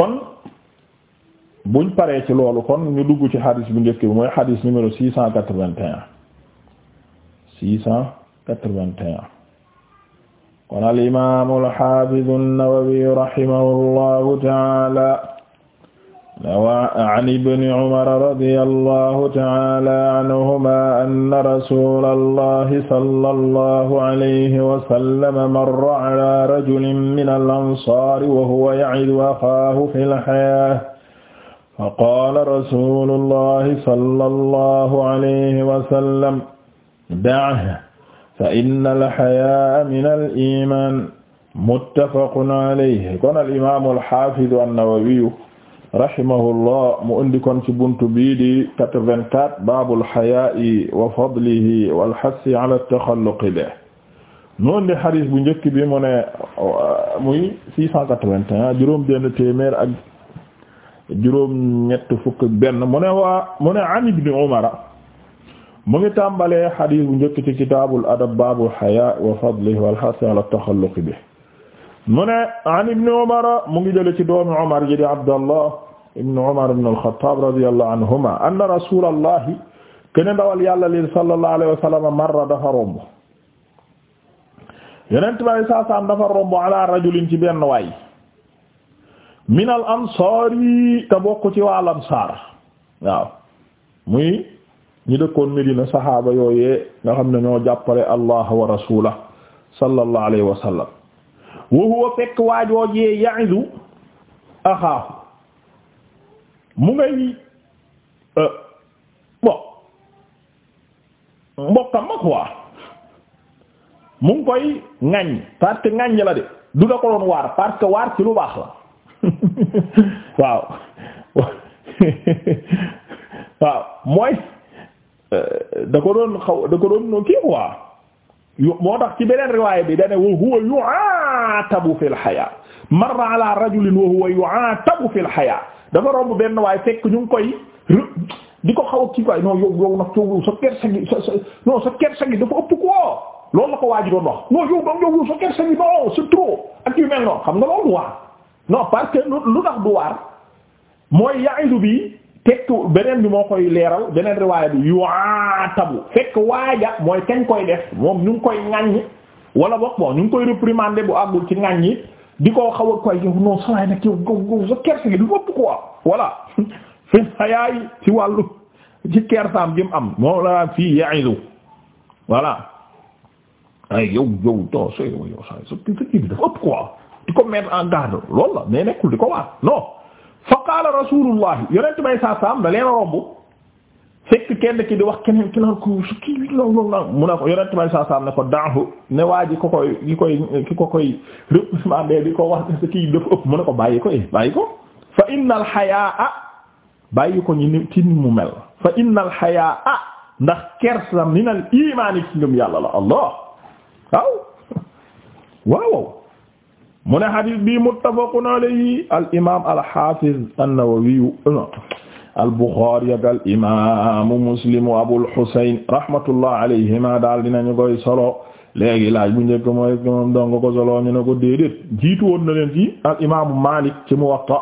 kon buñ paree ci loolu kon ñu dugg ci xadis bu njëkk bi mooy xadis numéro six cent quatre-vingt-un six cent quatre-vingt-un kon al imam al hafiz an-Nawawi rahimahullahu ta'ala an ibni umara radiyallahu ta'ala anhuma anna rasulallahi sallallahu alayhi wa sallam marra ala rajulin min al-ansari wa huwa ya'idu axaahu fil hayaa faqaala rasulullahi sallallahu alayhi wa sallam da'hu fa inna al-hayaa min al-iimaan muttafaqun alayhi kon al-imaam al-haafiz an-nawawi rahimahullah mu indi kon ci buntu bii di 84 baabul xayaa'i wa fadlihi ala taxalluqi bihi noonu di xadis bu njëkk bi mu ne uh, muy 681 juróom ak juróom ñett fukk benn mu ne waa mu ne an ibni umara mu ngi tàmbalee xadis bu njëkk ci kitaabul adab baabul xayaa'i wa fadlihi wal hassi ala taxalluqi bihi mu ne an ibni umara mu ngi jële ci doomi umar ji di abdallah ibni umar ibn al-Khattab radiyallahu anhuma anna rasulallahi kene ndawal yàlla li sallallahu alayhi wa sallam marra dafa romb yonent bi saa saam dafa romb ala rajulin ci benn waay min al ansaari te bokk ci waa al ansaar waaw muy ñi dëkkoon Medina saxaaba yooyee nga xam ne ñoo jàppale allah wa rasulah sallallahu alayhi wa sallam wa huwa fekk waajoojee ya'idu axaahu mu ngay euh, bon mbokkam ma quoi mu ngi koy ŋaññ parce que la de du da doon waar parce waar ci lu baax la waaw waaw mooy euh, da doon xaw da ko doon kii quoi moo tax ci beneen riwaay bi dane wa huwa yu'aatabu fil hayaa marra ala rajulin wa huwa yu'aatabu fil hayaa dafa romb benn waay fekk ñu ngi koy di ko xaw a kii quoi yow yow nag sa kersa gi sa sa non sa kersa gi dafa ëpp koo loolu la ko waa doon wax non yow donc sa kersa gi non c'est trop ak yu mel noonu xam nga loolu du waar non parce que lu tax du waar mooy ya'idu bi tekki beneen bi moo koy leeral beneen riwaaya bi yu'aatabu fekk waaja mooy kañ koy def moom ñu koy ŋaññi. wala wax bon ñu koy réprimander bu àggul ci ŋàññi di ko xaw a koy yow non saa yi nag yow gaw gaw sa kersa gi du ëpp quoi voilà fi xayaay ci wàllu ci kersaam jëm am moom la fii ya'idu voilà ay yow yow to so yow yow sa kii bi dafa ëpp quoi di ko mettre en garde loolu la mais nekkul di ko waat non fa qaala rasulullah yonent bay saa saam da leen romb fekk kenn ki di wax keneen ki naan ko su kii loolu loolu mu ne ko yonent bay saa saam ne ko daahu ne waa ji ko koy ki koy ki ko koy réprimandé di ko wax ne kii dafa ëpp mu a ko bàyyi ko eh bàyyi ko fa innal hayaa bàyyi ko ñu ni ci ni mu mel fa innal hayaa ndax kersa minal iimaani ci ngëm yàlla la allah waaw waaw mu ne xadis bi muttafaqun alayhi al imam al hafiz an-Nawawi al Bukhari ak al imaamu Muslim wa Abul Husayn rahmatullah alayhima daal dinañu koy solo léegi laaj bu njëkk mooy moom dong ko solo ñu ne ko déedéet jiitu woon na leen ci al imaamu Malik ci Muwatta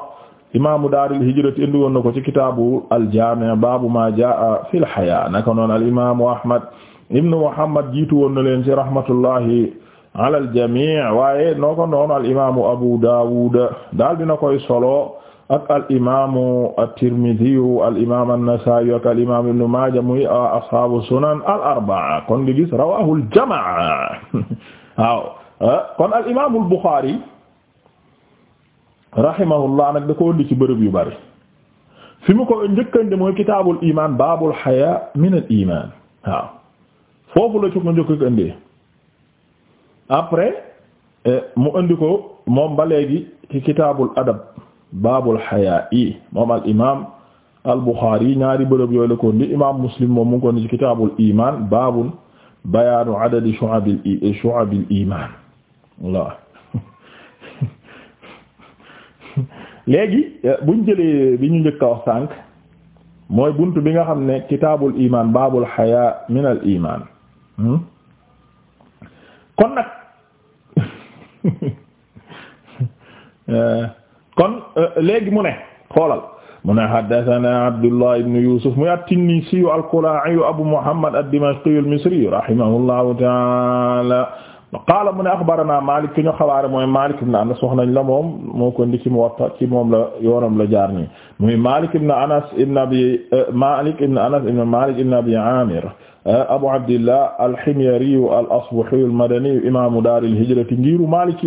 imaamu daaril hijra indi woon na ko ci kitaabu al jaami' baabu maa jaa'a fil hayaa naka noonu al imaamu Ahmad ibn Muhammad jiitu woon na leen ci rahmatullahi ala aljamii waaye noo ko noonu alimamu Abu Dawud daal dina koy solo ak alimamu at-Tirmidhi alimamu an-Nasa'i ak alimamu Ibn Maaja muy ashabu sunan al arbaa kon di gis rawahu aljamaa waaw kon alimamu al-Bukhari rahimahullah nag da ko indi ci bërëb yu bari fi mu ko njëkkande mooy kitaabul iman baabul hayaa al iman waaw foofu la ci ko njëkk après euh, mu indi ko moom ba léegi ci kitaabul adab baabul xayaa i moom al imaam al buxaari ñaari bërëb yooyu la ko ndi imaam muslim moom mu ngi ko ni ci kitaabul imaan baabul bayaanu adadi shu'abil i eh, shu'abil imaan léegi euh, buñ jëlee bi ñu njëkk a wax sànq mooy bunt bi nga xam ne kitaabul imaan baabul xayaa min al imaan hmm? kon nag Euh, kon euh, léegi mu ne xoolal mu ne haddathana Abdullah ibn Yusuf muy at-Tinnisi al-Qula'i Abu Muhammad ad-Dimashqi al-Misri rahimahullahu ta'ala qaala mu ne axbarana Malik ki ñu xabaare mooy Malik ibn Anas wax nañ la moom moo ko indi ci Muwatta ci moom la yoonam la jaar nii muy Malik ibn Anas ibn Abi euh, Malik ibn Anas ibn Malik ibn Abi Amir Eh, Abu Abdillah al-Himyariyu al-Asbahiyu al-Madaniyu imaamu daaril hijrati ngiru Maliki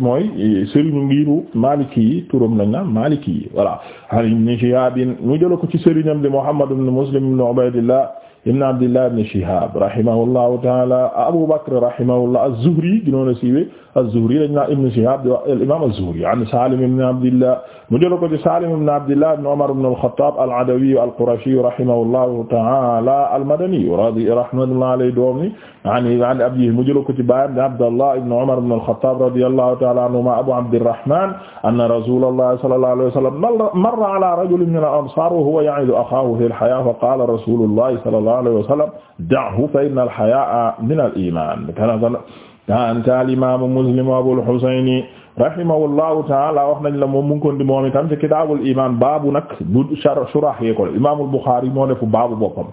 mooy sëriñu ngiru Maliki yi turam lañ naan Maliki yi voilà. Ibn Shihaab mu jël ko ci sëriñam di Muhammad ibn Muslim ibn Ubaydillah ibn abdillah ibn Shihab rahimahullahu taala Abu Bakr rahimahullah az-Zuhri ginoon a siiwe az-Zuhri dañ naa ibn Shihab di wax al-imam az-Zuhri an Salim ibn abdillah mu jël ko ci Salim ibn abdillah ibn Umar ibn al-Khattab al-Adawi al-Qurashi rahimahullahu taala al-Madani radi rahmatullah alayhi doom ni ani an abihi mu jël ko ci baayam di Abdallah ibn Umar ibn al-Khattab radiyallahu taala anhuma Abu Abdirrahman anna Rasulullah sallallahu alayhi wa sallam marra ala rajulin min al-ansar wa huwa ya'idu akhahu fi al-haya fa qala Rasulullah sallallahu sallallahu alayhi wa sallam da'hu fa inna al-hayaa min al-iman kanta al-imam Muslim Abul Husayn rahimahullahu ta'ala wax nañ la moom mu ngi kondi moom itam ci kitaabul iman baabu nag bu surah yeekol imamul Bukhari moo defu baabu boppam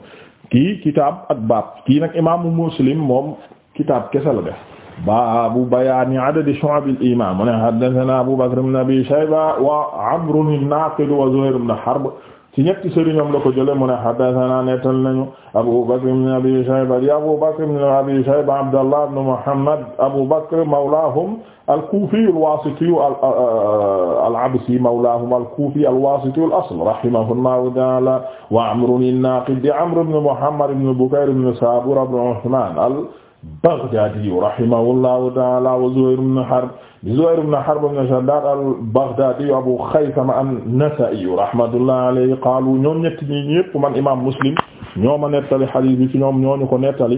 kii kitaab ak baab kii nag imaamu Muslim moom kitaab kese la def baabu bayaani adadi shu'abil iman mu ne haddathana Abu Bakr ibn Abi Shayba wa Amr an-Naaqid wa Zuhayr ibn Harb ci ñetti sëriñam la ko jëlee mu ne haddathana nettal nañu Abu Bakr ibn Abi Shayba di Abu Bakr ibn Abi Shayba Abdallah ibn Muhammad Abu Bakr mawlahum al-Kufi al-Wasiti al-Absi mawlahum al-Kufi al-Wasiti al-asl rahimahullahu ta'ala wa Amr an-Naqid di Amr ibn Muhammad ibn Bukayr ibn Sabur ibn Uthman al-Baghdadi rahimahullahu ta'ala wa Zuhayr ibn Harb Zuhayr ibn Harb ibn Shaddad al-Baghdadi Abu Khaythama an-Nasa'i rahmatullahi alayhi qaalu ñoom ñetti ñi ñëpp man imaam Muslim ñoo ma nettali hadiis bi ci ñoom ñoo ñu ko nettali.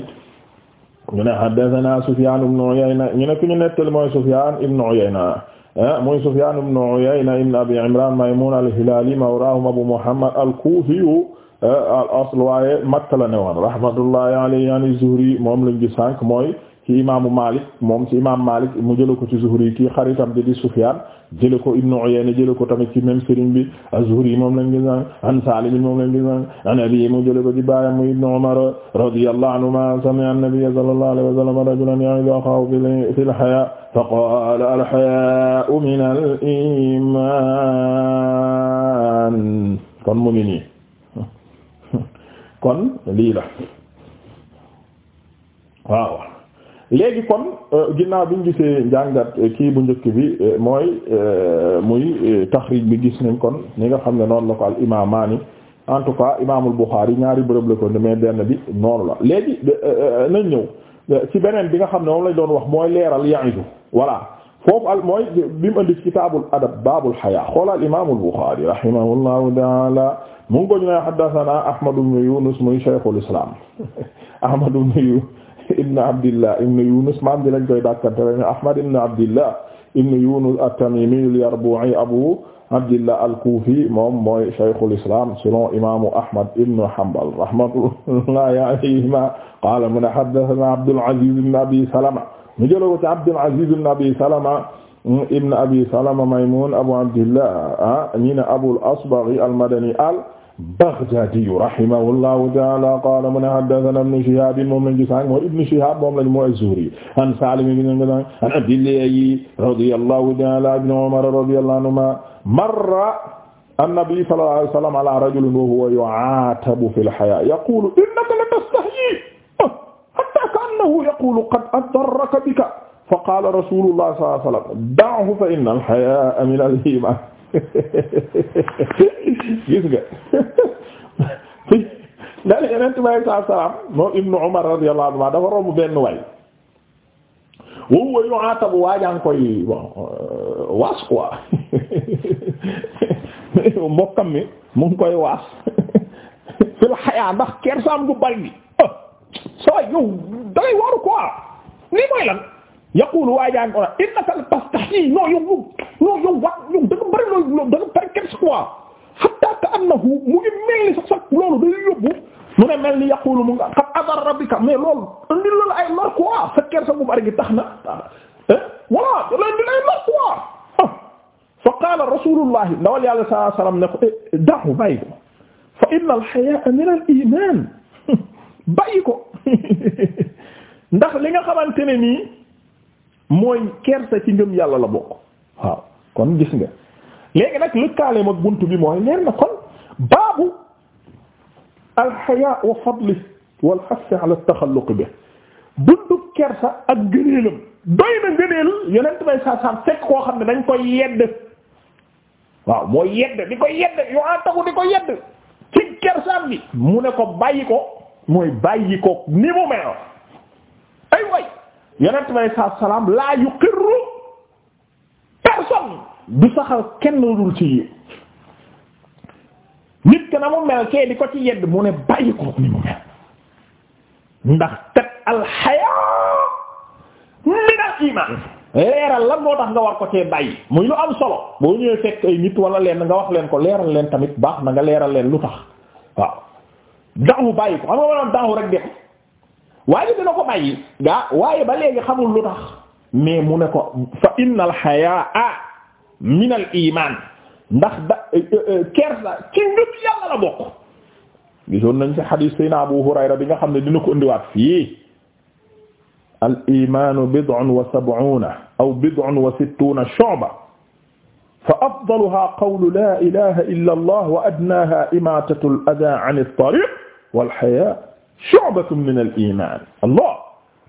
ñu ne haddathana Sufyan ibn Uyayna ñu ne ku ñu nettali mooy Sufyan ibn Uyayna ah, mooy Sufyan ibn Uyayna ibn Abi Imran Maymun al-Hilali mawlahum Abu Muhammad al-Kufi ah, al-asl waaye Makka la ne woon rahmatullahi alayhi an az-Zuhri moom lañ gi sànq mooy. ci imaamu Malik moom ci imaam Malik mu jëlee ko ci Zuhri kii xaritam di di Sufyaan jëlee ko Ibnu Uyayna jëlee ko tamit ci même sëriñ bi az-Zuhri moom lañ gis an Saalim moom lañ gis an abi mu jëlee ko ci baayam mu Ibnu Umar radiyallahu anhumaa sami'a an-nabiyya sallallahu alayhi wa sallam rajulan ya'izu axaahu fil hayaa faqaala al-hayaa'u minal iimaan kon mu ngi nii kon lii la waaw. léegi kon euh, ginnaaw bi ñu gisee njàngat euh, kii bu njëkk bi euh, mooy muy taxriij bi gis nañ kon ni nga xam ne noonu la ko al imaamaani en tout cas imaamul Buxaari ñaari bërëb la mais benn bi noonu la léegi nañ ñëw ci beneen bi nga xam ne moom lañ doon wax mooy leeral ya'idu voilà foofu al mooy bi mu indi kitaabul adab baabul hayaa xoolal imaamul Buxaari rahimahullahu ta'ala mu ngi ko ñu ne haddasanaa Ahmad ibn Yunus muy shaykhul islam Ahmad ibn Yunus ibn abdillah ibn yunus maam di lañ koy dàkkantele ne ahmad ibn abdillah ibn yunus at-tamimi al-yarbu'i abu abdillah al-kufi moom mooy shaykhul islam selon imamu ahmad ibn hanbal rahmatullahi alayhima qala mun haddathana abdul aziz ibn abi salama mu jëla ko ci abdul aziz ibn abi salama ibn abi salama maymun abu abdillah ah, ñi ne abul asbaghi al-madani al Baghdaadi rahimahullahu ta'ala qaala mu ne haddathana ibnu Shihaab moom lañ gisaang moo ibnu Shihaab moom lañ moo az-Zuhri an Saalim an Abdillahi radiyallahu ta'ala ibn Umar radiyallahu anhuma marra an-nabi sallallahu alayhi wa sallam ala rajulin wa huwa yu'aatabu fil hayaa yaqulu innaka latastahyi hattaa ka'annahu yaqulu qad adarraka bika fa qaala rasulullah sallallahu alayhi wa sallam da'hu fa inna al-hayaa min al-iimaan gis nga nda n yenent bi alei salaam moom umar radiyallahu anhu dafa romb benn waay wowwa yu'atabu waajaan koy bon euh, waas quoi mbokkam mi mu koy waas fil xayaa ndax kersaam gu bari bi oh, soo yow dangay waru quoi ni mooy lan yaqulu waa jaa ngi ko naan innaka tastahyi non yow non yow wax yow da nga bëri loolu da nga bëri quelque quoi hatta ka annahu mu ngi mel ni sax sax loolu da lay yóbbu mu ne mel ni yaqulu mu nga xam adar rabbika mais loolu indi la ay lor quoi sa kër sa bu bari gi tax na voilà da lay indi ay lor quoi. Ah. fa qaala rasulullah ndawal yàlla sallallahu alayhi wasallam ne ko eh, da'hu bàyyi ko fa inna al-hayaa min al-iimaan bàyyi ko ndax li nga xamante ne nii. mooy kersa ci ngëm yàlla la bokk waaw kon gis nga léegi nag lëkkaaleem ak bunt bi mooy leer na kon baabu alxayaa wa fadli wal xassi ala taxalluq bi buntu kersa ak gëneelam fekk koo xam ne dañ koy yedd waaw mooy yedd di ko yedd yoo a taxu di ko yedd ci kersaam bi mu ne ko bàyyi ko mooy bàyyi ko ni mu mel yonent bi salaam laa yuqirru personne du saxal kenn lu dul ci yéen nit ki na mu mel kee di ko ci yedd mu ne bàyyi ko ni mu mel ndax kat alxayaa minal iman leeral lan moo tax nga war ko cee bàyyi muy lu am solo boo ñëwee fekk nit wala leen nga wax leen ko leeral leen tamit baax na nga leeral leen lu tax waaw daawu bàyyi ko xam nga ma daawu rek de waaye dina ko bàyyi gaa waaye ba léegi xamul lu tax mais mu ne ko fa innal hayaa min al iman ndax da e, e, e, kersa ci ngëm yàlla la bokk gisoon nañ ci hadith sayna Abu Hurayra bi nga xam ne dina ko indiwaat fii al imanu bid'un wa sab'una aw bid'un wa sittuna shu'ba fa afdaluha qawlu la ilaha illa allah wa adnaha imatatu al adha 'an at-tariq wal haya shu'batun min al iman allah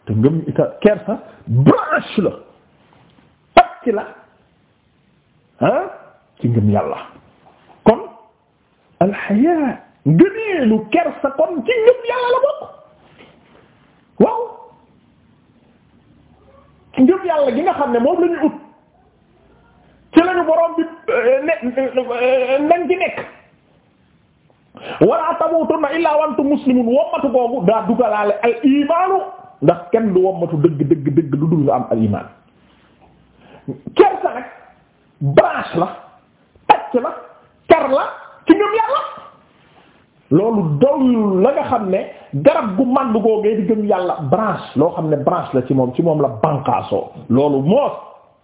te ngëm ita kersa branche la pàcc la ah ci ngëm yàlla kon alxayaa ngëneelu kersa kon ci ngëm yàlla la bokk waaw ngëm yàlla gi nga xam ne moom la ñu ut ci lañu borom bi eh, ne eh, eh, nañ ci nekk wala tamuutunna illaa wa antum muslimun wommatu googu daa dugalaale al imaanu ndax kenn du wommatu dëgg dëgg dëgg lu dul nga am al imaan kersa nag branche la tacc la car ci ngëm yàlla loolu doyul la nga xam ne garab gu mànd googee di gëm yàlla branche loo xam ne branche la ci moom ci moom la banqaasoo loolu moos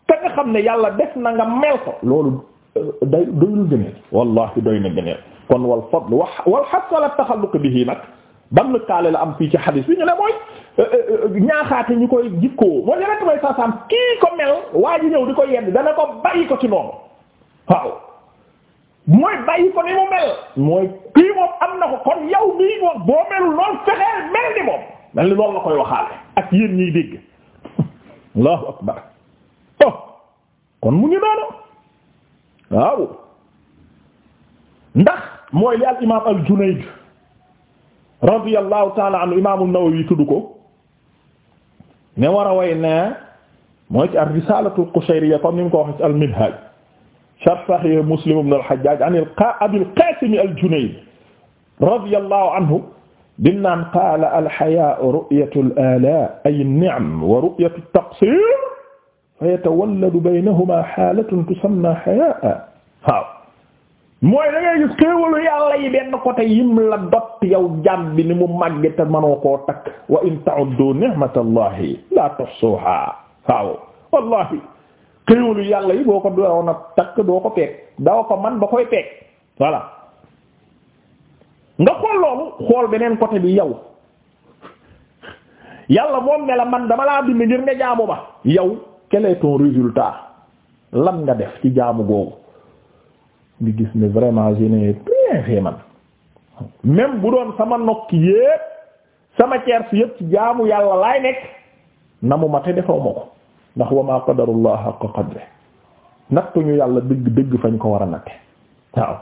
ka nga xam ne yàlla def na nga mel ko loolu euh, day doyul gëneel wallahi doy na gëneel kon wal fadl wa wal hadd ala taxalluq bihi nag ban lëkkaale la am fii ci xadis fii ñu ne mooy euh, euh, euh, ñaaxaate ñu koy jikkoo mooy yeneen may saasaam kii ko mel waa ji ñëw di ko yedd dana ko bàyyi ko ci noonu waaw mooy bàyyi ko ni mu mel mooy kii moom am na ko kon yow mii moom mel ni moom mel ni loolu la koy waxaale ak yéen ñiy dégg allahu akbar oh kon mu ngi noonu waaw ndax mooy li al imaam al Junayd radiyallahu taala anhu imaamu Nawawi tudd ko ne war a way ne mooy ci ar-Risalatu al-Qushayriya comme ni mu ko waxee ci al-Minhaj sharh Sahih Muslim ibn al-Hajjaj an Abi al-Qasim al-Junayd radiyallahu anhu bim naan qaala al-hayaa'u ru'yatu al-aalaa'i ay an-ni'am wa ru'yatu at-taqsiir fa yatawalladu baynahumaa haalatun tusammaa hayaa'an waaw mooy da gis xéewalu yàlla yi benn côté yim yow jàm bi ni mu màgge te manoo koo takk wa in waaw wallahi xéewalu yàlla yi boo ko doon takk doo ko peeg doo ko man ba koy peeg voilà nga xool loolu xool beneen côté bi yow yàlla moom ne man dama laa bind ngir nga jaamu ba yow quel est résultat lan nga def ci jaamu googu ngi gis ne vraiment je n'ai rien man même bu doon sama nokk yépp sama tiers yépp ci jaamu yàlla laay nekk na mu mate defoo ma ko ndax wa ma qadarullah haqqa qadri nattuñu yàlla dëgg dëgg fañ ko war a nag waaw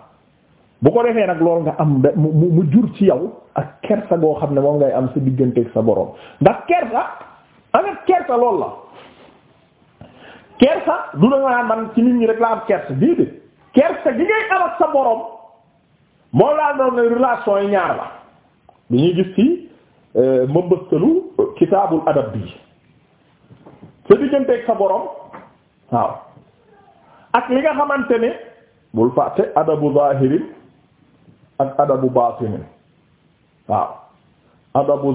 bu ko defee nag loolu nga am mu mu jur ci yow ak kersa goo xam ne moom ngay am sa digganteeg sa boroom ndax kersa avec kersa loolu la kersa du da man ci nit ñi rek la am kersa déedéet kersa gi ngay am ak sa moo laa doon ne relation yi ñaar la bi ñuy gis ci euh, mbëmbëstalu kitaabul adab bi sa digganteeg sa borom ak li nga xamante ne bul fàtte adabu zahirin ak adabu batinin waaw adabu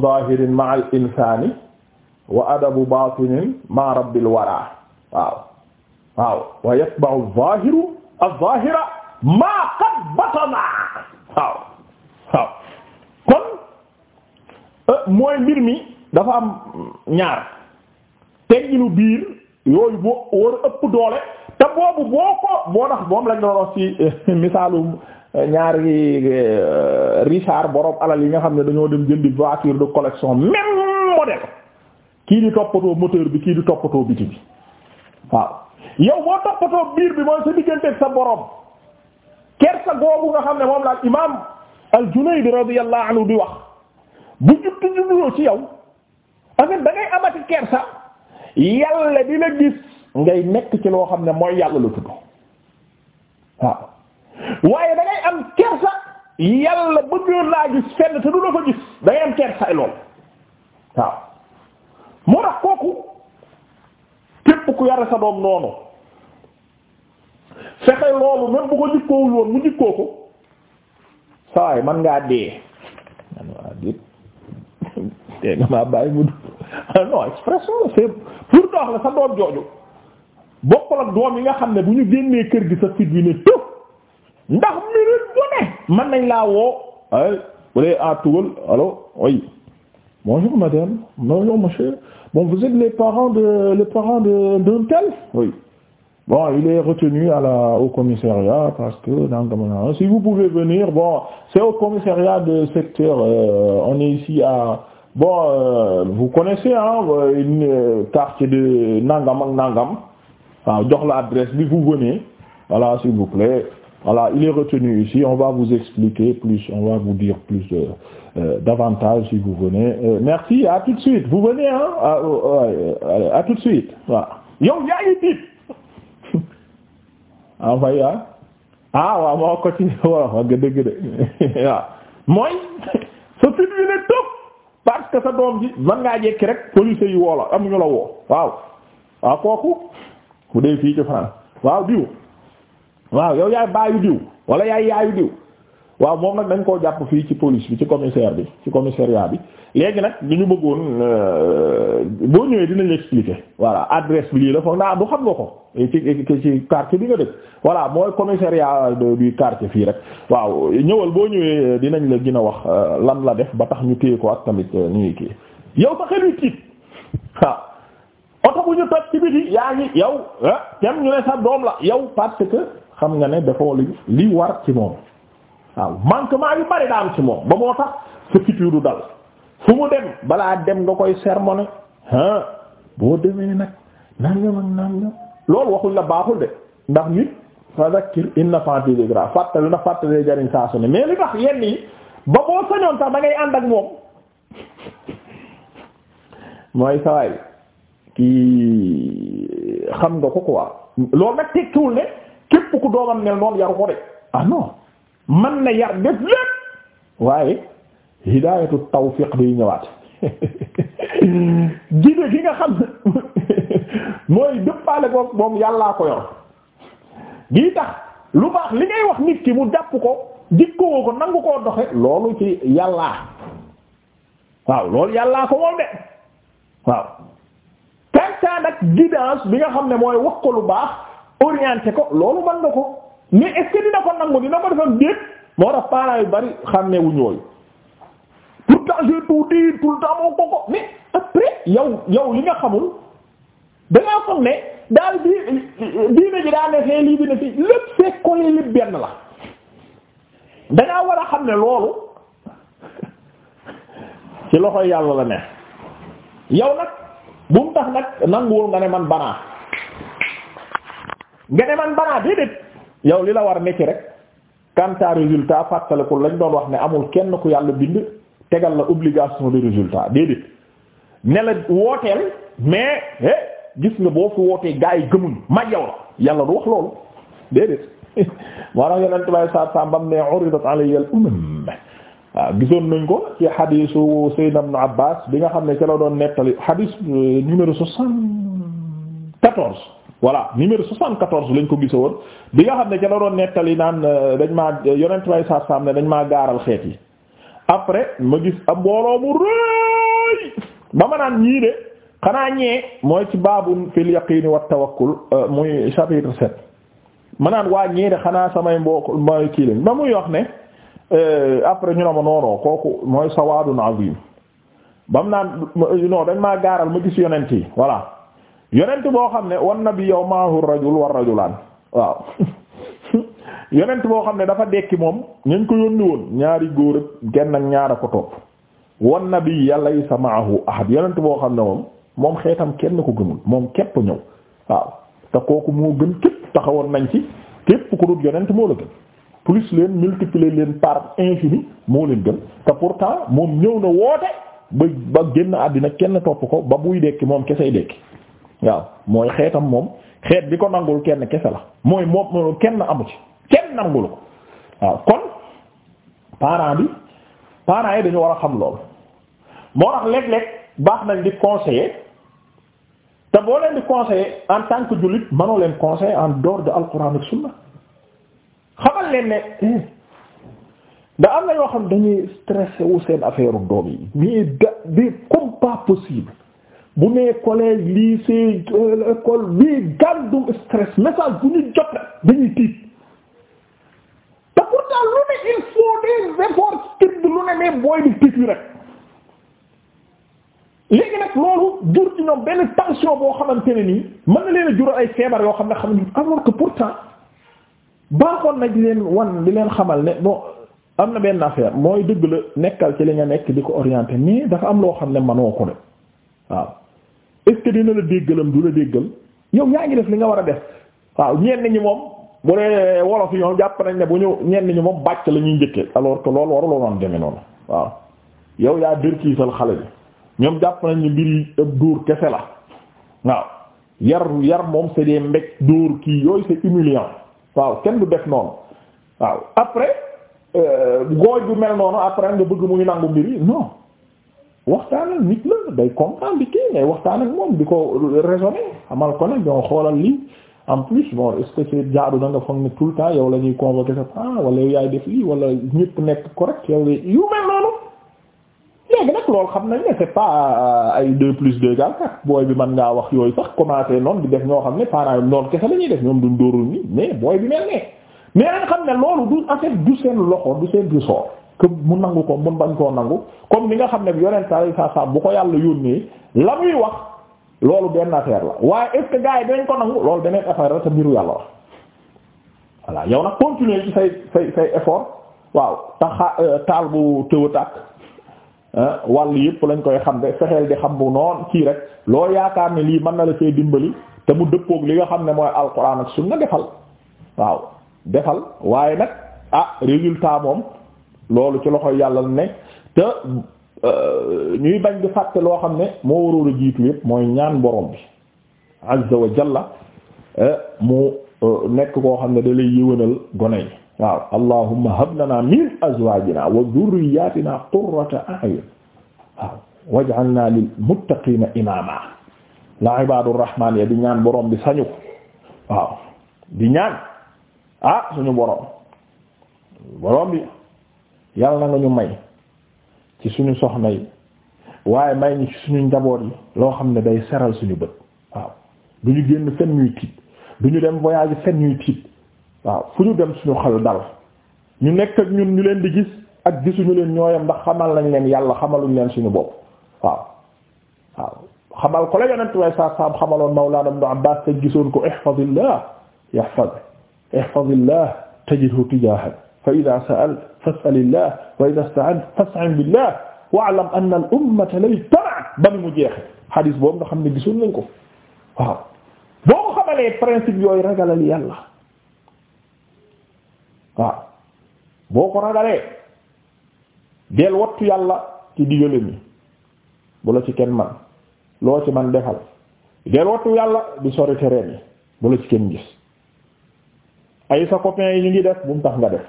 ma al wa adabu batinin ma rabbil wara waaw waaw wa yatba'u zahiru az-zahira maa qad waaw waaw kon euh, mooy mbir mi dafa am ñaar tegginu biir yooyu boo war ëpp doole te boobu boo ko boo tax moom lañ doon wax ci euh, misaalum euh, ñaari Richard borom alal yi nga xam ne dañoo dem jëndi voiture de collection même modèle kii di toppatoo moteur bi kii di toppatoo biti bi waaw yow boo toppatoo biir bi mooy sa digganteeg sa borom kersa googu nga xam ne moom laa imaam al-Junayd radiyallahu anhu di wax bu jubtu jubloo ci yow en fait da ngay amati kersa yàlla nekk ci loo xam ne mooy yàlla la tudd waaw waaye da ngay am kersa yàlla bëggoon laa gis fenn te du la ko gis da am kersa lool waaw moo tax kooku. képp ku yara sa doom noonu fexe loolu même bu ko jikkoowul woon mu jikkoo ko sawaay man ngaa dee man waa dit te nga maa bàyyi mu dund ah non expression la pour dox la sa doom jooju bokkul ak doom yi nga xam ne bu ñu génnee kër gi sa fit wi ne tëb ndax minute bu ne man nañ laa woo ay bu dee en ah, tugal allo bonjour madame bonjour monsieur bon vous êtes les parents de les oui il est retenu la au commissariat parce que nangam si vous pouvez venir c'est au commissariat de secteur euh, on est ici à euh, vous connaissez euh, une quartier de nangam nangam waaw jox la vous venez voilà s'il vous plaît voilà il est retenu ici on va vous expliquer plus on va vous dire plus euh, euh si vous venez euh, merci à tout de vous venez hein ah, oh, oh, euh, euh, à, tout de suite voilà yow yaa ngi tiit ah fay ah ah waaw moo ko ci wala wax nga dëgg de waaw mooy sa fit wi ne tëb parce que sa doom ji man ngaa jekki rek police yi woo la amuñu la woo waaw waaw ah, kooku bu dee fii ci France waaw diw waaw yow yaay baayu diw wala yaay yaayu diw waaw moom nag dañ koo jàpp fii ci police bi ci commissaire bi ci commissariat bi léegi nag li ñu bëggoon euh, boo ñëwee dinañ expliquer voilà adresse bi lii la foog naa du xam nga ko ci ci quartier bi nga dëkk voilà mooy commissariat du quartier fii rek waaw ñëwal boo ñëwee euh, dinañ la gën a wax euh, lan la def ba tax ñu téye ko ak tamit ñuy kii yow sa xel wi tiit oto bu ñu toj ci biti yaa ngi yow ah ñu ne sa doom la yow parce xam nga ne dafoo li li war ci moom waaw manquement yu bari daam ci moom ba moo tax sa fitu du dal fu mu dem balaa dem nga koy sermoné ah boo demee nag nangam ak nangam loolu waxuñ la baaxul de ndax nit fa zakkir inna fati dhikra fàttali na fàttalee jariñ saa su ne mais li tax yenn yi ba boo sañoon sax da ànd ak moom mooy sawaay kii xam nga ko quoi loolu nag tekkiwul ne képp ku doomam mel noonu yaru ko de ah non man na yar def lépp waaye hidaayatu tawfiq day ñëwaat gide gi nga xam mooy dëppaale boog moom yàllaa ko yor gii tax lu baax li ngay wax nit ki mu jàpp ko dikkoo ko nangu koo doxe loolu ci yàllaa waaw loolu yàllaa ko moom de waaw kantaan ak guidance bi nga xam ne mooy wax ko lu baax orienté ko loolu mën na ko mais est-ce dina ko nangu dina ko defal déet moo tax parents yu bari xàmmee wu ñooy pourtant j'ai tout dit tout le ko ko mais après yow yow li nga xamul da ngaa foog ne daal di diine ne fee lii bi ne fii benn la da war a xam ne loolu ci loxoy yàlla la ne yow nag bu mu tax nag nanguwul nga ne man banaa. nga ne man banaa déedéet yow li la war a nekk rek quant à résultat fàttaliku lañ doon wax ne amul kenn ku yàlla bind tegal la obligation de résultat déedéet ne wooteel mais eh gis nga boo fi wootee gaa yi gëmuñ ma yow la yàlla du wax loolu déedéet moo tax yonent bay saa saa bam ne uridat alayya al umam gisoon nañ ko ci xadiisu Seydina Ibn Abbas bi nga xam ne ci la doon nettali xadiis euh, numéro soixante-quatorze voilà numéro 74 lañ ko gisa woon bi nga xam ne ca la doon nettali naan euh, dañ maa yonent way sa sam ne dañ maa gaaral xeet yi après ma gis ab mbooloo mu rëy ba ma naan ñii de xanaa ñee mooy ci baabun fil yaqini wat tawakkul euh, muy chapitre 7 ma naan xanaa samay mbokk mooy kii ba mu wax ne euh, après ñu ma noonoo kooku mooy sawaadun azim bam naan dañ maa gaaral ma gis yonent yi voilà yonent boo xam ne wan bi yow maahu rajul war rajulaan waaw yonent boo xam ne dafa dekki moom ñañ ko yónni woon ñaari góor genn ak ñaar a ko topp wan yàlla yi sa maahu ahad yonent boo xam ne moom moom xeetam kenn ko gëmul moom képp ñëw waaw kooku moo gën képp taxawoon nañ ci képp ku dul moo la gën plus leen multiplier leen par leen gën te pourtant moom ñëw na woote ba ba génn àddina kenn topp ko ba buy dekki moom kesey dekki waaw mooy xeetam moom xeet bi ko nangul kenn kese la mooy moom kenn amu ci kenn nangul ko waaw kon parent bi parent yi dañu war a xam lool moo tax léeg-léeg baax nañ di conseiller te boo leen di conseiller en tant que jullit mënoo leen conseiller en dehors de alquran ak sunna xamal leen ne eh, da am na yoo xam dañuy stressé wu seen affaire doom yi mais da bi comme pas possible bu nee collège lycée école bii gàndum stress message bu ñu jot dañuy tiit te pourtant lu ne il faut des efforts lu ne mais booy di tiit yi rek léegi nag loolu jur ci ñoom benn tension boo xamante ne nii mën na leen a ay feebar yoo xam ne xam ne alors que pourtant baaxoon nañ leen wan leen xamal ne bon am na benn affaire mooy dëgg la nekkal ci li nga nekk di ko orienter mais dafa am loo xam ne manoo ko de waaw est-ce que dina la déggalam du la déggal yow yaa ngi def li nga war a def waaw ñenn ñi moom bu dee wolof yi jàpp nañ ne bu ñu ñenn ñi moom bàcc la ñuy njëkkee alors que loolu waruloo noonu demee noonu waaw yow yaa dërkiisal xale bi ñoom jàpp nañ ne mbir yi kese la waaw yar yar moom c'est des dóor kii yooyu c'est humiliant waaw kenn du def noonu waaw après euh, góoj bu mel noonu après nga bëgg mu nangu mbir yi non. waxtaanal nit la day comprendre bi kii ngay waxtaan ak moom di ko raisonner amal ko nag ñoo xoolal lii en plus bon est-ce que na nga foog ne tout le temps yow la ñuy convoquer sa parent wala yow yaay def lii wala ñëpp nekk correct yow lay yu mel noonu léegi nag loolu xam ne c'est pas euh, ay deux plus deux égale quatre bi mën ngaa wax yooyu sax commencé noonu di def ñoo xam ne parents yi noonu kese la ñuy def ñoom duñ dóorul nii mais booy bi mel ne mais nga xam ne loolu du affaire du seen loxo du seen ressort que mu nangu ko mun bañ koo nangu comme li nga xam ne bi yonent sallallahu alayhi wasallam bu ko yàlla yónnee la muy wax loolu benn affaire la waaye est ce yi dinañ ko nangu loolu beneen affaire la te mbiru yàlla wax voilà waaw taxa euh, taal bu tëw wàll yëpp lañ koy xam de fexeel di xam bu noon kii rek loo yaakaar ne lii mën na la fee dimbali te mu dëppoog li nga xam ne mooy alquran ak sunna defal waaw defal waaye nag ah résultat moom loolu ci loxo yàlla la ne te euh, ñuy bañ di fàtte loo xam ne moo waroon a jiitu yëpp mooy ñaan borom bi azza wa jalla euh, mu euh, nekk koo xam ne da lay yëwanal gone yi waaw allahumma hab lana min azwajina wa dhurriyyatina qurrata a'yun waaw waj'alna lil muttaqina imama la ibadur rahman ya di ñaan borom bi sañu waaw di ñaan ah suñu borom borom bi yàlla na nga ñu may ci suñu soxna yi waaye may ñu ci suñu njaboot yi loo xam ne day seral suñu bët waaw du ñu génn fenn ñuy tiit du ñu dem voyage fenn ñuy tiit waaw fu ñu dem suñu xel dal ñu nekk ak ñun ñu leen di gis ak gisuñu leen ñooyam ndax xamal nañ leen yàlla xamaluñ leen suñu bopp waaw waaw xamal ko la yonent way sa saam xamaloon mawlaana ibn Abbaas te gisoon ko ihfazillah yahfaz ihfazillah tajidhu tijaahak fa idaa sa'alta fas'alillah wa idaa ista'anta fasta'in billah wa'lam anna al-ummata lay tara ba mu jeexe xadis boobu nga xam ne gisoon nañ ko waaw boo ko xamalee principe yooyu ragalal yàlla waaw boo ko ragalee del wattu yàlla ci digale mi bu la ci kenn man loo ci man defal del wattu yàlla di sori terrain yi bu la ci kenn gis ay sa copain yi ñu ngi def bu mu tax nga def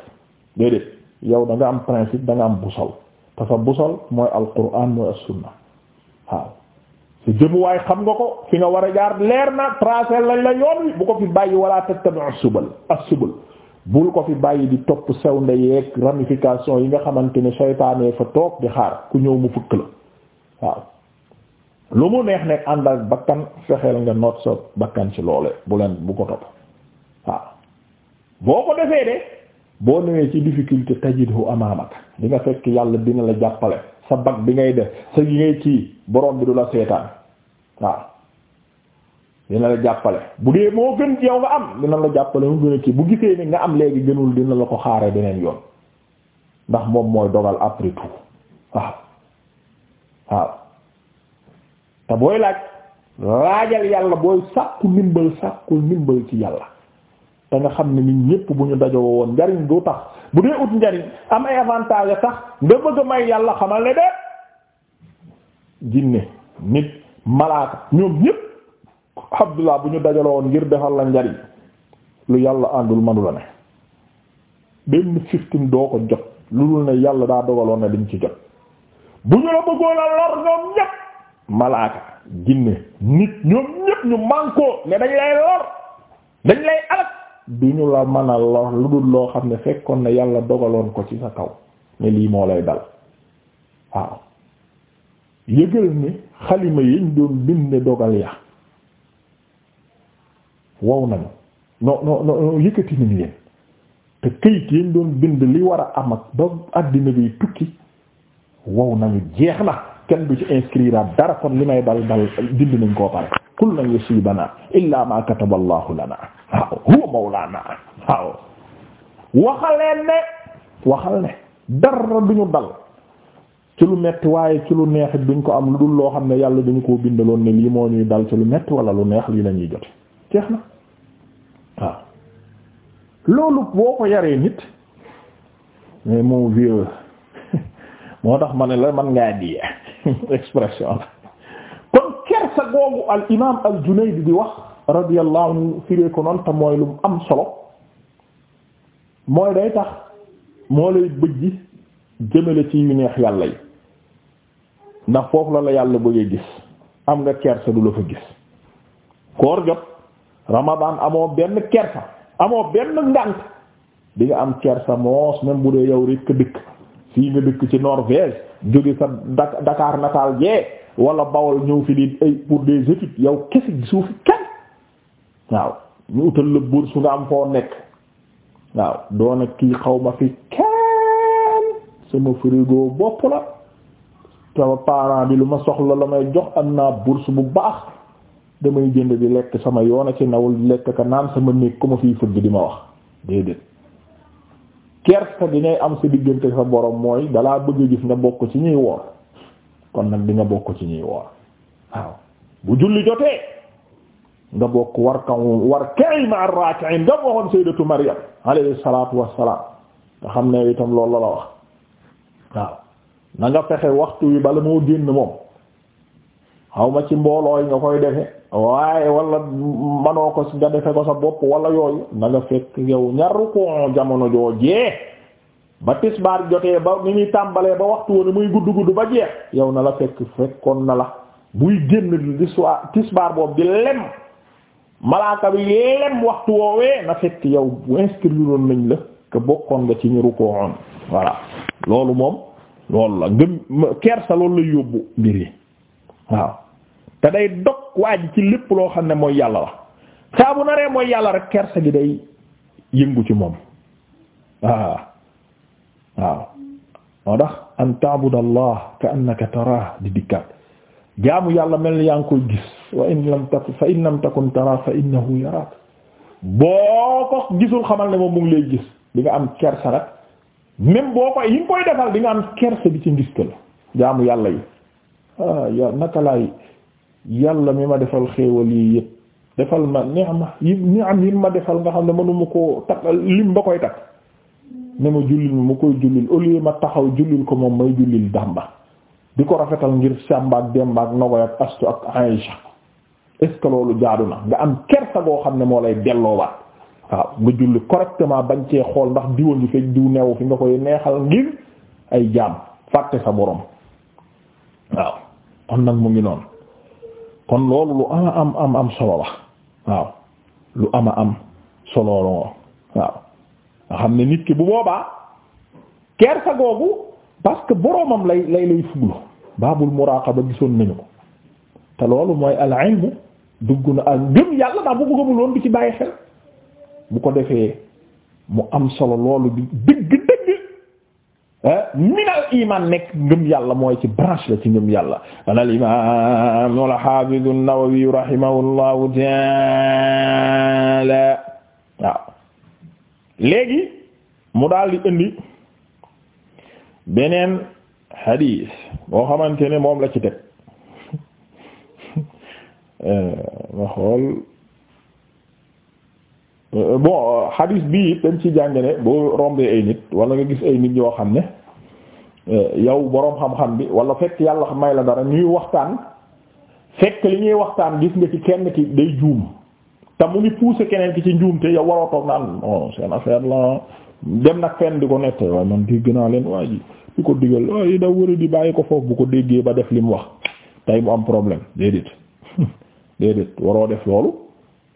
déedéet yow da nga am principe da nga am busol te sa busol mooy alquran mooy as-sunna waaw si jëmuwaay xam nga ko fi nga war a jaar leer na tracé lañ la yoon wi bu ko fi bàyyi wala tattabi'u subul as-subul bul ko fi bàyyi di topp sew nde yeeg ramification yi nga xamante ne seytaane fa toog di xaar ku ñëw mu fëkk la waaw lu mu neex nekk ànd ak bakkan fexeel nga noot sa bakkan si loole bu leen bu ko topp waaw boo ko defee de boo newee ci difficulté tajidhu amaamak di nga fekk yàlla dina la jàppale sa bag bi ngay def sa yi ngay kii borom bi du la seetaan waaw dina la jàppale bu dee moo gën yow nga am dina la jàppale mu gën a kii bu gisee ni nga am léegi gënul dina la ko xaaree beneen yoon ndax moom mooy dogal après tout waaw waaw te booy laaj laajal yàlla booy sàkku ndimbal sàkkul ndimbal ci yàlla te nga xam ne nit ñépp bu ñu dajoo woon njariñ du tax bu dee ut njariñ am ay avantage tax nga bëgg may yàlla xamal ne de jinne nit malaaka ñoom ñépp abdullah bu ñu dajaloo woon ngir defal la njariñ lu yàlla àndul manu ne benn fifteen doo ko jot lu dul ne yàlla daa dogaloon ne dañ ci jot bu ñu la bëggoon a lor ñoom ñépp malaaka jinne nit ñoom ñépp ñu mànkoo ne dañ lay lor dañ lay alak bi ñu la mën a lor lu dul loo xam ne fekkoon na yàlla dogaloon ko ci sa kaw ne lii moo lay dal waaw yëgal ni xalima yiñ doon bind dogal ya wow nañu no no no yëkkati nañ leen te këyit yañ doon bind li war a am ak ba àddina bi tukki wow nañu jeex na kenn du ci inscrire dara kon li may dal dal bind nañ koo pare qul lan yusiibanaa illaa maa kataba Allahu lanaa waaw huwa mawlaanaa waaw waxaleen ne waxal ne dara duñu dal ci lu metti waaye ci lu neexit duñ ko am lu dul loo xam ne yàlla duñu ko bindaloon ne lii moo ñuy dal ci lu metti wala lu neex lii la ñuy jote jeex na waaw loolu boo ko yaree nit mais mon moo tax ma ne la man ngaa di expression kersa googu al imaam al Junayd di wax radiyallahu anhu ko noonu mooy lu am solo mooy day tax moo lay bëjj jëmale ci yu neex yàlla yi ndax foofu la la yàlla bëggee gis am nga kersa du la fa gis koor jot ramadan amoo benn kersa amoo benn ngànt di nga am kersa moos même bu dee yow rek dëkk fii nga dëkk ci Norvège jóge sa Dakar nataal jee wala bawol ñëw fi di ay pour des études yow kese gisoo fi kenn waaw ñu utal la bourse nga am foo nekk waaw doona kii xaw ma fi kenn sama frigo bopp la sama parent bi lu ma soxla la may jox am naa bourse bu baax damay jënd di lekk sama yoon a ci nawul lekk ka naan sama néeg ku ma fiy fëgg di ma wax déedéet kersa gi ngay am sa diggante sa borom mooy dalaa bëgg gis nga bokk ci ñuy woor kon nag di nga bokk ci ñuy woor waaw bu julli jotee nga bokk war kan war kay ma ar-raki'in nga waxoon sayyidatu Maryam alayhi salatu wassalam nga xam ne itam lool la la wax waaw na nga fexe waxtu wi bala moo génn moom xaw ma ci mboolooy nga koy defe waaye wala manoo ko nga defe ko sa bopp wala yooyu na nga fekk yow ñaru ko jamono joojee ba tisbaar jotee ba ni muy tàmbalee ba waxtu woon muy gudd gudd ba jeex yow na la fekk fekkoon na la buy génn di tisbaar boobu di lem malaaka bi lem waxtu woowee na fekk yow bu inscriroon nañ la que bokkoon nga ci ñu rukoowoon voilà loolu moom loolu la ngëm kersa loolu lay yóbbu mbir yi waaw te day dog waa ji ci lépp loo xam ne mooy yàlla la saa bu naree mooy yàlla rek kersa gi day yëngu ci moom waaw waaw moo tax an taabudallah ka annaka taraah di dikkat jaamu yàlla mel ni yaa ngi koy gis wa in lam takun fa in lam takun taraah fa innahu yaraak boo ko gisul xamal ne moom mu ngi lay gis di nga am kersa nag même boo koy yi nga koy defal di nga am kersa bi ci ngis ko jaamu yàlla yi ah ya naka laay yàlla mi ma defal xéewal yi yëpp defal ma neex ma yi ni ma defal nga xam ne mënuma koo takk lim ba koy takk ne ma jullil ma ma koy jullil au ma taxaw jullil ko moom may jullil dàmba di ko rafetal ngir Samba ak Demba ak Nogoy ak Astu ak Aïcha est loolu jaadu na nga am kersa goo xam ne moo lay delloowaat waaw nga julli correctement bañ cee xool ndax diwa ngi fekk diw neewu fi nga koy neexal ngir ay jaam fàtte sa borom waaw kon nag mu ngi noonu kon loolu lu ama am am am solo la waaw lu ama am solo la waaw. nga xam ne nit ki bu boobaa kersa googu parce que boroomam lay lay lay fuglu baabul muraqaba gisoon nañu ko te loolu mooy al ilmu dugg na ak gëm yàlla daa bu ko gëmul woon bi ci bàyyi xel bu ko defee mu am solo loolu di dëgg-dëgg ah, minal iman nekk ngëm yàlla mooy ci branche la ci ngëm yàlla an al imam al hafiz an-Nawawi rahimahullahu ta'ala waaw léegi mu daal indi beneen xadiis boo xamante ne moom la ci teg ma xool bon xadiis bii dañ ci jàng ne boo rombee ay nit wala nga gis ay nit yoo xam ne eh, yow boroom xam-xam bi wala fekk yàlla may la dara ñuy waxtaan fekk li ñuy waxtaan gis nga ci kenn ki day juum te mu ngi pousser keneen ki ci njuumte yow waroo toog naan non seen affaire la dem nag fenn di ko nett waaye man dégg naa leen waa ji ko digal waaye da wëra bàyyi ko foofu bu ko déggee ba def li mu wax tey mu am problème déedéet déedéet waroo def loolu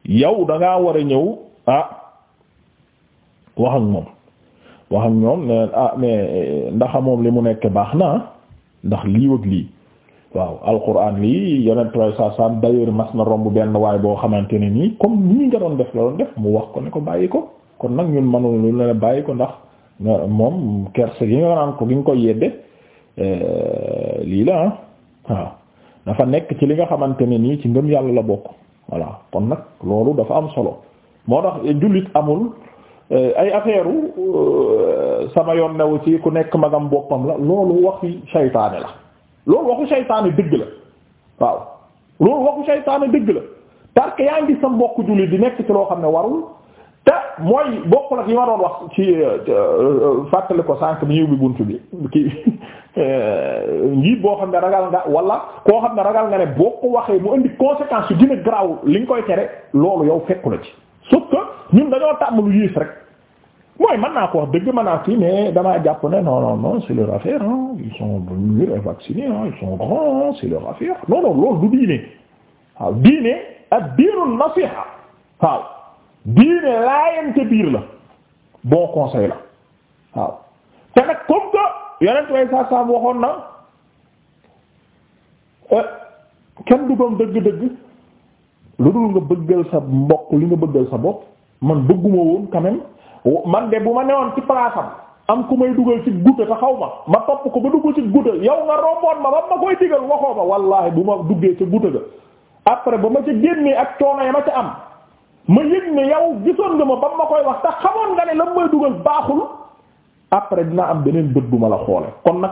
yow da war a ñëw ah wax moom wax ak ñoom ah mais eh, ndax moom li mu nekk baax naa ndax lii ak lii waaw alquran lii yonent way saa sam d'ailleurs mas na romb benn waay boo xamante ne nii comme nii nga doon def la doon def mu wax ko ne ko bàyyi ko kon nag ñun manul lu ne bàyyi ko ndax moom kerse gi nga naan ko gi nga koy yedde euh, lii la ah, dafa nekk ci li nga xamante ne nii ci ngëm yàlla la bokk voilà kon nag loolu dafa am solo moo tax jullit amul euh, ay affaire euh, sama yoon new ci ku nekk magam boppam la loolu waxi saytaane la loolu waxu seytaane dëgg la waaw loolu waxu seytaane dëgg la parce yaa ngi sa mbokk jullit di nekk ci loo xam ne warul te mooy bokk ak yi waroon doon wax ci euh, euh, euh, fàttali ko sànq bi ñëw bi bunt bi kii njiit boo xam ne ragal nga wala koo xam ne ragal nga ne boo ko waxee mu indi conséquence yu gën a garaaw li nga koy tere loolu yow fekku la ci sauf que ñun dañoo tàmm lu yiis rek. mooy mën naa ko wax dëgg mën naa kii mais damaa jàpp ne non non non c'est leur affaire ils sont mûrs et vaccinés ils sont grands c'est leur affaire non non loolu du diine waaw diine ak diinu nasiha waaw diine laayante biir la bon conseil la waaw te nag comme que yonent way sa sam waxoon na euh, kenn du dëgg-dëgg lu dul nga bëggal sa mbokk li nga bëggal sa bopp man bëgguma woon quand man de bu ma newoon ci palaasam am ku may dugal ci gudda te xaw ma ma topp ko ba dugg ci gudda yow nga romboon ma ba ma koy digal waxoo ma wallahi bu ma duggee ca gudda ga après ba ma ca génnee ak coono ya ma ca am ma yëg ne yow gisoon nga ma ba ma koy wax te xamoon nga ne la may dugal baaxul après dinaa am beneen bët bu ma la xoole kon nag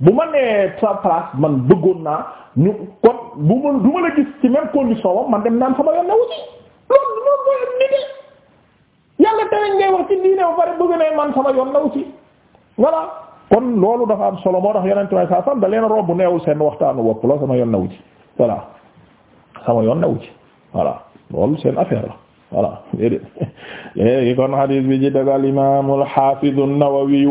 bu ma nee sa place man bëggoon naa ñu kon bu ma du la gis ci même condition man dem naan sama yoon na wuti yàlla tamit ngay wax ci diine ba pare bëgg ne man sama yoon naw ci voilà kon loolu dafa am solo moo tax yeneen may saa sam da leen robb neewul seen waxtaanu bopp la sama yoon naw ci voilà sama yoon naw ci voilà loolu seen affaire la voilà léegi kon hadith bi ci dagal imaamul xaafizu Nawawi